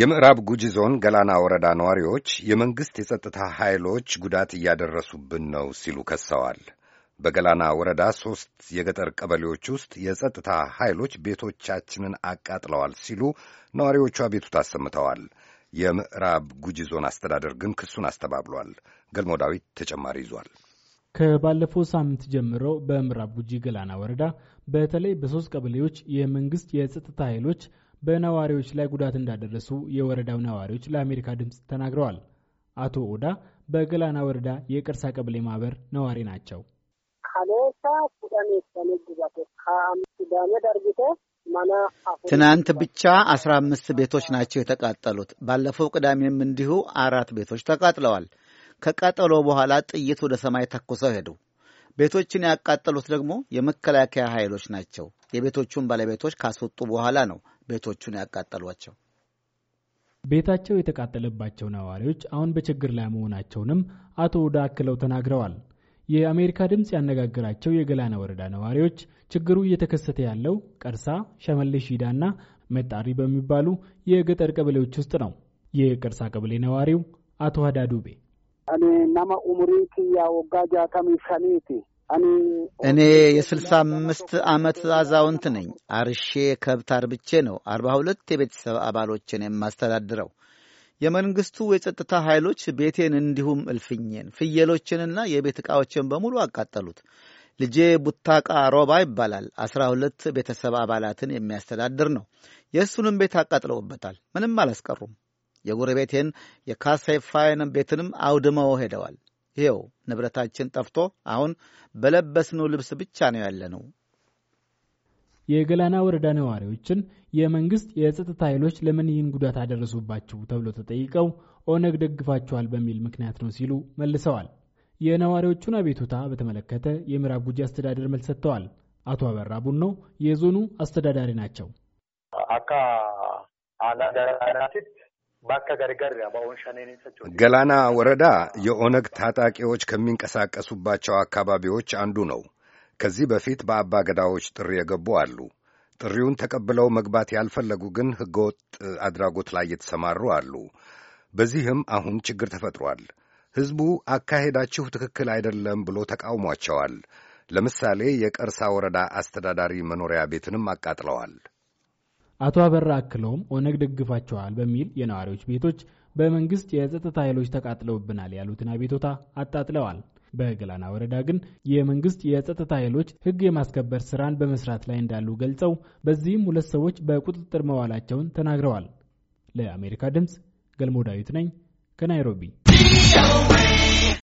የምዕራብ ጉጂ ዞን ገላና ወረዳ ነዋሪዎች የመንግሥት የጸጥታ ኃይሎች ጉዳት እያደረሱብን ነው ሲሉ ከሰዋል። በገላና ወረዳ ሦስት የገጠር ቀበሌዎች ውስጥ የጸጥታ ኃይሎች ቤቶቻችንን አቃጥለዋል ሲሉ ነዋሪዎቹ አቤቱታ አሰምተዋል። የምዕራብ ጉጂ ዞን አስተዳደር ግን ክሱን አስተባብሏል። ገልሞ ዳዊት ተጨማሪ ይዟል። ከባለፈው ሳምንት ጀምሮ በምዕራብ ጉጂ ገላና ወረዳ በተለይ በሦስት ቀበሌዎች የመንግሥት የጸጥታ ኃይሎች በነዋሪዎች ላይ ጉዳት እንዳደረሱ የወረዳው ነዋሪዎች ለአሜሪካ ድምፅ ተናግረዋል። አቶ ኦዳ በገላና ወረዳ የቅርሳ ቀበሌ ማህበር ነዋሪ ናቸው። ትናንት ብቻ አስራ አምስት ቤቶች ናቸው የተቃጠሉት። ባለፈው ቅዳሜም እንዲሁ አራት ቤቶች ተቃጥለዋል። ከቃጠሎ በኋላ ጥይት ወደ ሰማይ ተኩሰው ሄዱ። ቤቶችን ያቃጠሉት ደግሞ የመከላከያ ኃይሎች ናቸው። የቤቶቹን ባለቤቶች ካስወጡ በኋላ ነው ቤቶቹን ያቃጠሏቸው። ቤታቸው የተቃጠለባቸው ነዋሪዎች አሁን በችግር ላይ መሆናቸውንም አቶ ወዳ አክለው ተናግረዋል። የአሜሪካ ድምፅ ያነጋገራቸው የገላና ወረዳ ነዋሪዎች ችግሩ እየተከሰተ ያለው ቀርሳ፣ ሸመሌ ሺዳና መጣሪ በሚባሉ የገጠር ቀበሌዎች ውስጥ ነው። የቀርሳ ቀበሌ ነዋሪው አቶ ሀዳ ዱቤ እኔ ናማ ኡምሪ ክያ ወጋ ጃተሚ እኔ የስልሳ አምስት ዓመት አዛውንት ነኝ። አርሼ ከብት አርብቼ ነው አርባ ሁለት የቤተሰብ አባሎችን የማስተዳድረው። የመንግስቱ የጸጥታ ኃይሎች ቤቴን እንዲሁም እልፍኝን፣ ፍየሎችንና የቤት ዕቃዎችን በሙሉ አቃጠሉት። ልጄ ቡታቃ ሮባ ይባላል። አስራ ሁለት ቤተሰብ አባላትን የሚያስተዳድር ነው። የእሱንም ቤት አቃጥለውበታል። ምንም አላስቀሩም። የጎረቤቴን የካሴፋይን ቤትንም አውድመው ሄደዋል። ይኸው ንብረታችን ጠፍቶ አሁን በለበስነው ልብስ ብቻ ነው ያለነው። የገላና ወረዳ ነዋሪዎችን የመንግስት የጸጥታ ኃይሎች ለምን ይህን ጉዳት አደረሱባችሁ ተብሎ ተጠይቀው ኦነግ ደግፋችኋል በሚል ምክንያት ነው ሲሉ መልሰዋል። የነዋሪዎቹን አቤቱታ በተመለከተ የምዕራብ ጉጂ አስተዳደር መልስ ሰጥተዋል። አቶ አበራ ቡኖ የዞኑ አስተዳዳሪ ናቸው። አካ ገላና ወረዳ የኦነግ ታጣቂዎች ከሚንቀሳቀሱባቸው አካባቢዎች አንዱ ነው። ከዚህ በፊት በአባ ገዳዎች ጥሪ የገቡ አሉ። ጥሪውን ተቀብለው መግባት ያልፈለጉ ግን ሕገወጥ አድራጎት ላይ የተሰማሩ አሉ። በዚህም አሁን ችግር ተፈጥሯል። ሕዝቡ አካሄዳችሁ ትክክል አይደለም ብሎ ተቃውሟቸዋል። ለምሳሌ የቀርሳ ወረዳ አስተዳዳሪ መኖሪያ ቤትንም አቃጥለዋል። አቶ አበራ አክለውም ኦነግ ደግፋቸዋል በሚል የነዋሪዎች ቤቶች በመንግስት የጸጥታ ኃይሎች ተቃጥለውብናል ያሉትን አቤቶታ አጣጥለዋል። በገላና ወረዳ ግን የመንግስት የጸጥታ ኃይሎች ህግ የማስከበር ስራን በመስራት ላይ እንዳሉ ገልጸው በዚህም ሁለት ሰዎች በቁጥጥር መዋላቸውን ተናግረዋል። ለአሜሪካ ድምፅ ገልሞ ዳዊት ነኝ ከናይሮቢ።